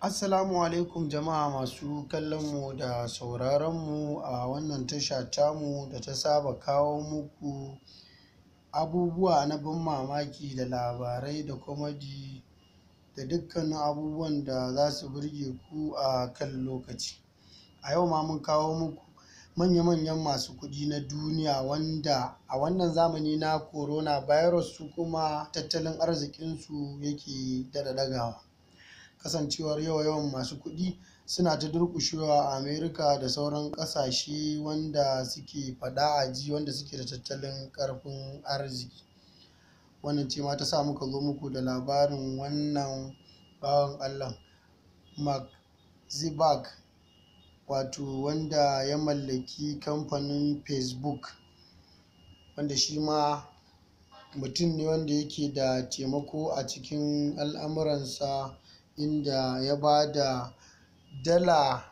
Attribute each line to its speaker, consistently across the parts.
Speaker 1: Assalamu alaikum jama'a masu kallonmu da sauraronmu a wannan tasha tamu da ta saba kawo muku abubuwa na ban mamaki da labarai da komadi da dukkanin abubuwan da za su burge ku a kan lokaci. A yau ma mun kawo muku manya-manyan masu kuɗi na duniya wanda a wannan zamani na virus su kuma tattalin arzikinsu yake daɗa dagawa kasancewar yawa-yawan masu kuɗi suna ta durƙushewa a Amerika da sauran ƙasashe wanda suke faɗa a ji wanda suke da tattalin ƙarfin arziki. Wannan ce ma ta sa muka zo muku da labarin wannan bawan Allah Mark Zuckerberg wato wanda ya mallaki kamfanin Facebook wanda shi ma mutum ne wanda yake da taimako a cikin al'amuransa inda ya ba da dala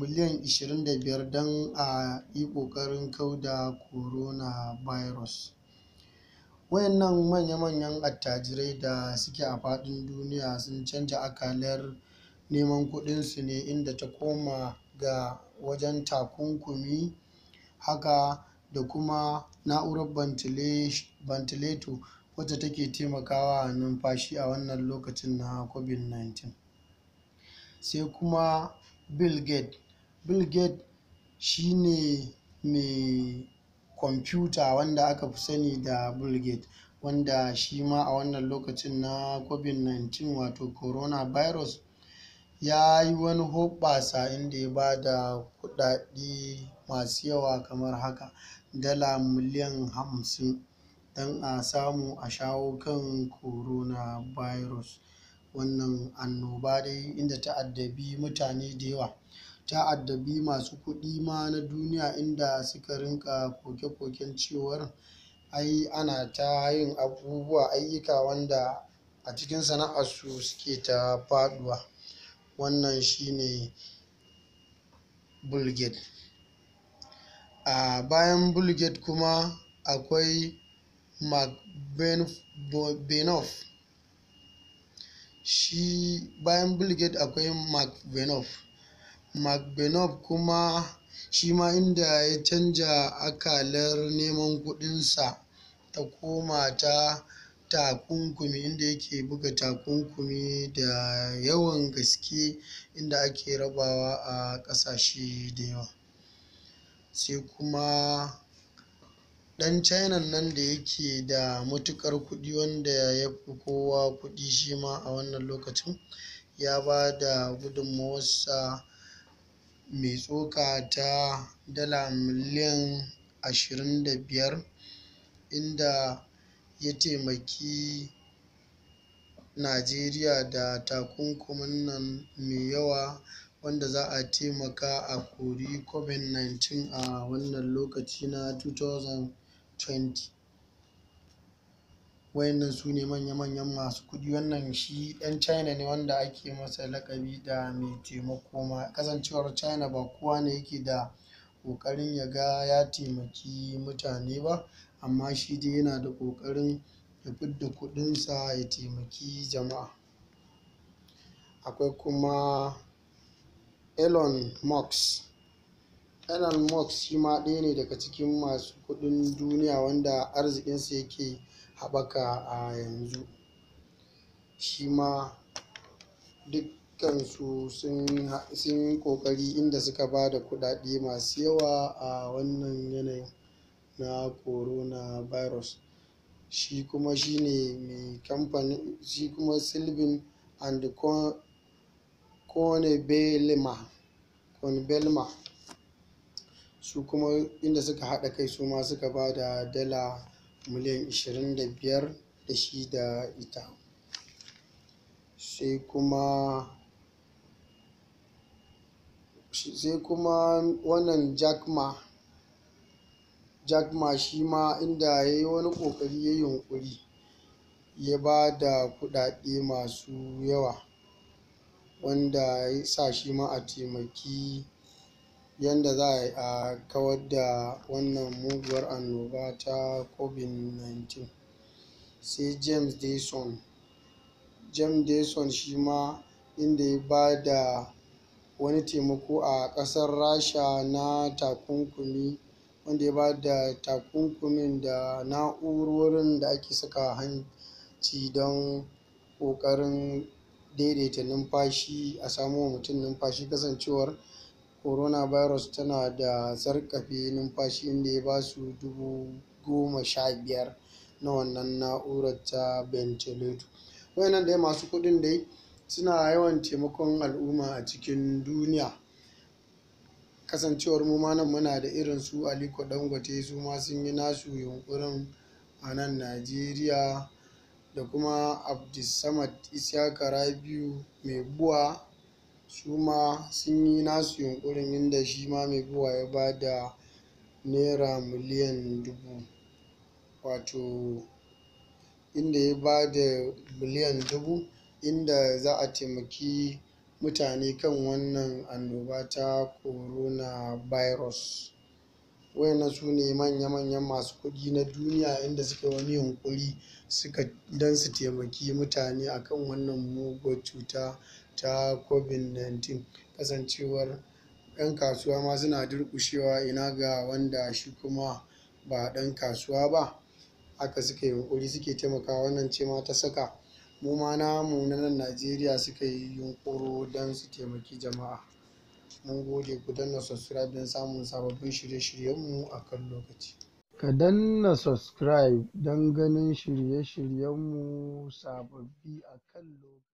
Speaker 1: miliyan 25 don a yi ƙoƙarin kauda coronavirus. wayannan manya-manyan attajirai da suke a faɗin duniya sun canja akalar neman kuɗinsu ne inda ta koma ga wajen takunkumi haka da kuma na'urar ventilator wacce take taimakawa a numfashi a wannan lokacin na covid-19 sai kuma bill gates bill shine mai kwamfuta wanda aka fi sani da bill gates wanda shi ma a wannan lokacin na covid-19 wato coronavirus ya yi wani hoɓɓasa inda ya ba da kuɗaɗe masu yawa kamar haka dala miliyan hamsin don a samu a shawo kan coronavirus Wannan annoba dai inda ta addabi mutane da yawa. Ta addabi masu kuɗi ma na duniya inda suka rinƙa koke-koken cewar ai ana ta yin abubuwa, ayyuka wanda a cikin su suke ta faɗuwa. Wannan shi ne A bayan bulgate kuma akwai mcbenov shi bayan bill gates akwai mark mcbenov kuma shi ma inda ya canja akalar neman kudinsa ta koma ta takunkumi inda yake buga takunkumi da yawan gaske inda ake rabawa a kasashe da yawa sai kuma dan china nan da yake da matukar kudi wanda ya fi kowa kudi shi ma a wannan lokacin, ya ba da gudunmawarsa mai tsoka ta dala miliyan 25, inda ya taimaki Najeriya da takunkumin nan mai yawa wanda za a taimaka a kori COVID-19 a wannan lokaci na 2000. 20. Wayannan su ne manya-manyan masu kuɗi. Wannan shi ɗan China ne wanda ake masa lakabi da mai taimako ma. Kasancewar China ba kowa ne yake da ƙoƙarin ya ga ya taimaki mutane ba, amma shi dai yana da ƙoƙarin ya fidda kuɗinsa ya taimaki jama'a. Akwai kuma Elon Musk. Elon Musk shi ma ɗaya ne daga cikin masu kuɗin duniya wanda arzikinsa yake haɓaka a yanzu. Shi ma dukkansu sun yi ƙoƙari inda suka ba da kuɗaɗe masu yawa a wannan yanayin na coronavirus. Shi kuma shi ne mai kamfani shi kuma sylvain and belma. su kuma inda suka haɗa kai su ma suka ba da dala miliyan 25 da shi da ita sai kuma sai wannan jack ma jack ma shi ma inda ya yi wani ƙoƙari ya yunƙuri ya ba da kuɗaɗe masu yawa wanda ya sa shi ma a taimaki yanda za a kawar da wannan muguwar annoba ta covid-19 sai james dyson james dyson shi ma inda ya ba da wani taimako a ƙasar rasha na takunkumi wanda ya ba da takunkumin da na'urorin da ake saka hanci don ƙoƙarin daidaita numfashi a samo wa mutum numfashi kasancewar coronavirus tana da sarƙafe numfashi inda ya ba dubu goma sha biyar na wannan na'urar ta ventilator wayannan dai masu kuɗin dai suna yawan taimakon al'umma a cikin duniya kasancewar mu ma nan muna da irin su aliko dangote su ma sun yi nasu yunkurin a nan najeriya da kuma abdulsamad isyaka rabiu mai buwa su ma sun yi nasu yunƙurin inda shi ma mai buwa ya ba da naira miliyan dubu wato inda ya ba da miliyan dubu inda za a taimaki mutane kan wannan annoba ta coronavirus wayannan su ne manya-manyan masu kuɗi na duniya inda suka wani yunƙuri suka don su taimaki mutane akan wannan muguwar cuta ta COVID-19 kasancewar 'yan kasuwa ma suna durkushewa ina ga wanda shi kuma ba ɗan kasuwa ba haka suka yi yunƙuri suke taimakawa wannan ce ma ta saka mu ma namu na nan Najeriya suka yi yunkuro don su taimaki jama'a mun gode ku danna subscribe don samun sababbin shirye-shiryenmu a kan lokaci ka danna subscribe don ganin shirye-shiryenmu sababbi a kan lokaci